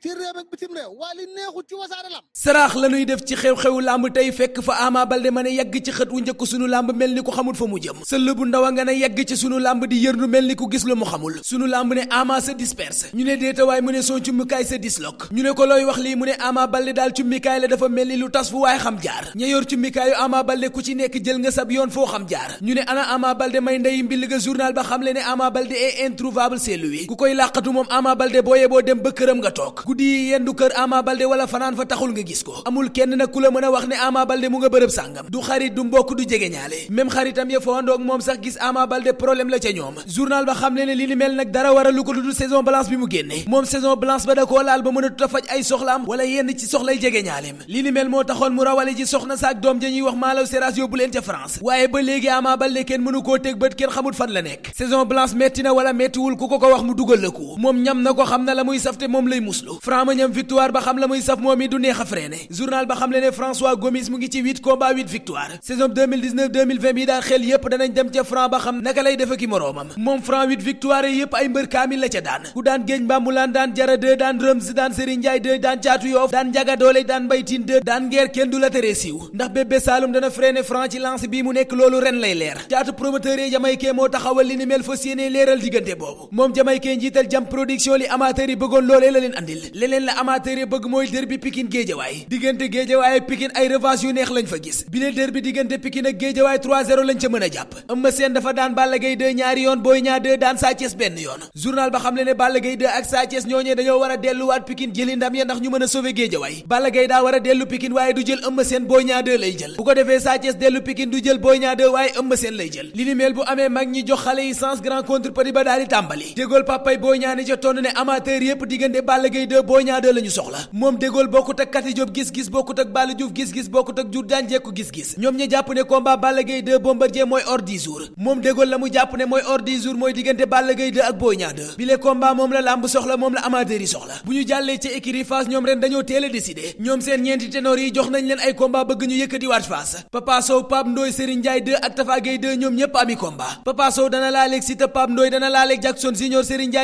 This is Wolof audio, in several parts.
ci réew ak bitim réew waa li neexul ci wasaare lamb saraax la def ci xew-xewu làmb tey fekk fa Ama Baldé ma ne yàgg ci xët wu njëkk sunu lamb mel ni ku xamul fa mu jëm sëll bu ndaw a nga ne yàgg ci sunu làmb di yër yërnu mel ni ku gis lu mu xamul sunu lamb ne Ama se disperse ñu ne déetawaay mu ne son cummikaay se disloque ñu ne ko looy wax lii mu ne Ama Baldé daal cummikaay la dafa mel ni lu tas fu waaye xam jaar ña yor cummikaayu Ama Baldé ku ci nekk jël nga sab yoon foo xam jaar ñu ne ana Ama Baldé may ndeyi mbill ga journal ba xam le ne Ama Baldé est introuvable c'est ku koy làqatu moom Ama Baldé boo dem ba këram nga toog guddi yi yendu kër Ama Baldé wala fanaan fa taxul nga gis ko amul kenn nag ku la mën a wax ne Ama Baldé mu nga bërëb sàngam du xarit du mbokk du jege ñaale même xaritam ya fawandoog moom sax gis Ama Baldé problème la ca ñoom journal ba xam le ne li nag dara waral lu ko tudd saison blanche bi mu génne moom saison blanche ba da koo laal ba mën a tuta faj ay soxlaam wala yenn ci soxlay jege ñaaleem li moo taxoon mu rawale ji soxna saak Franc ma ñam victoire ba xam la muy saf moom i du neex a freiné journal ba xam Gomis mu ngi ci 8 combats 8 victoire saison bi daal xel yépp danañ dem ca Franc ba xam naka lay def ak moroomam moom Franc 8 victoire yépp ay mbër kaamil la ca daan ku daan géej mbambulaan daan jara 2 daan rëms daan Serigne Ndiaye 2 daan caatu yoof daan njaga doole daan mbaytin 2 daan ngeer kenn du la tere siiw ndax bébé Saloum dana freiné ci lance bii mu nekk loolu ren lay leer caatu promoteur yi jamaykee moo taxawal li ni mel fas yéene leeral leen andil leneen la amateur yi bëgg mooy derbi Pikine Guédiawaye diggante Guédiawaye Pikine ay revanche yu neex lañ fa gis bile derbi diggante Pikine ak Guédiawaye 3-0 ca mën a jàpp Eumeu Sène dafa daan Balla Gaye 2 ñaari yoon Boy Niang 2 daan Sa benn yoon journal ba xam le ne Balla Gaye 2 ak Sa Thiès ñooñee dañoo war a delluwaat Pikine jëli ndam ya ndax ñu mën a sauver Guédiawaye Balla Gaye daa war a dellu Pikine waaye du jël Eumeu Sène Boy Niang 2 lay ba daal yooyu Boy Niang soxla moom De Gaulle bokkut ak Kati Diop gis-gis bokkut ak Balla Diouf gis-gis bokkut ak Doudou Diagne Diéckou gis-gis ñoom ñi jàpp ne la mu jàpp ne mooy hors dix jours mooy diggante Balla Gaye 2 ak la làmb soxla moom a décidé ñoom seen ñeenti ténor yi jox nañ leen ay combat bëgg ñu yëkkatiwaat Fass Papa Sow Pape Ndoye Serigne Ndiaye 2 ak Tafa Gueye 2 ñoom ñépp ami combat Papa Sow dana laaleeg Siteu Pape Ndoye dana laaleeg Jackson Senior Serigne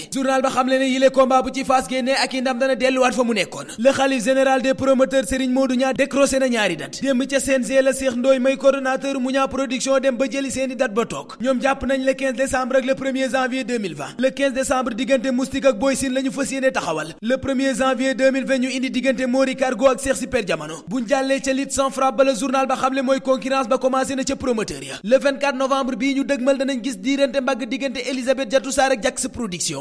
bi journal ba xam le ne yile combat bu ci Fass génnee ak i ndam dana delluwaat fa mu nekkoon le xalif général des promoteurs Serigne Modou Niang décroché na ñaari date démb ca CNG la Cheikh Ndoye may coordonnateur Mouniang production dem ba jëli seeni date ba toog ñoom jàpp nañ le 15 décembre ak le 1er janvier 2020 le 15 diggante Moustique ak Boy Sine la ñu taxawal le 1er janvier ñu indi diggante Mori Cargo ak Cheikh Super Jamono buñ jàllee na ca promoteur ya le 24 novembre bii ñu dëgmal danañ gis diirante mbagg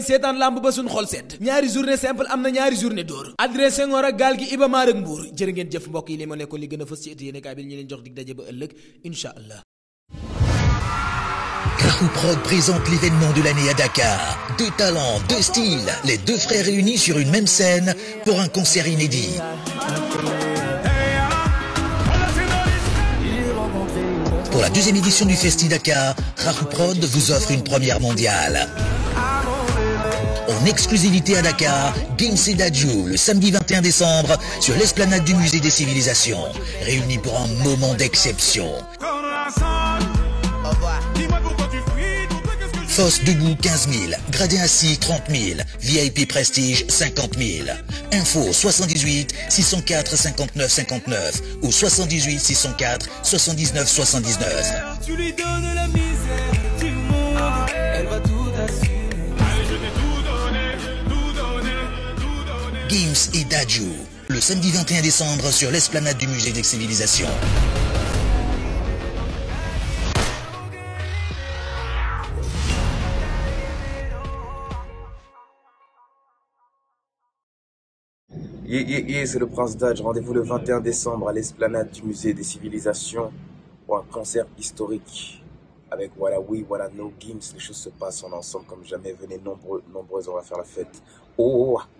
nañ seetaan lamb ba suñ xol sedd ñaari journée simple am na ñaari journée d'or Adrien Senghor ak gaal gi Iba Mar ak Mbour jërë ngeen mbokk yi li ma nekkoon li gën a fës ci ëtt yéene kaay bi ñu leen incha allah Prod présente l'événement de l'année à Dakar. Deux talents, deux styles, pour un concert inédit. Pour la deuxième édition du Festi Dakar, Rahu Prod vous offre une première mondiale. en exclusivité à Dakar, Gims et Dadju, le samedi 21 décembre, sur l'esplanade du Musée des Civilisations, réunis pour un moment d'exception. Fosse debout 15 000, gradé assis 30 000, VIP prestige 50 000. Info 78 604 59 59 ou 78 604 79 79. Tu lui donnes la Games et Daju, le samedi décembre sur l'esplanade du Musée des Civilisations. Yé, c'est le Prince Daj. Rendez-vous le décembre à l'esplanade du Musée des Civilisations pour un concert historique avec Voilà Oui, Voilà No Games. Les choses se passent en ensemble comme jamais. Venez nombreux, nombreuses, faire la fête. Oh, oh, oh.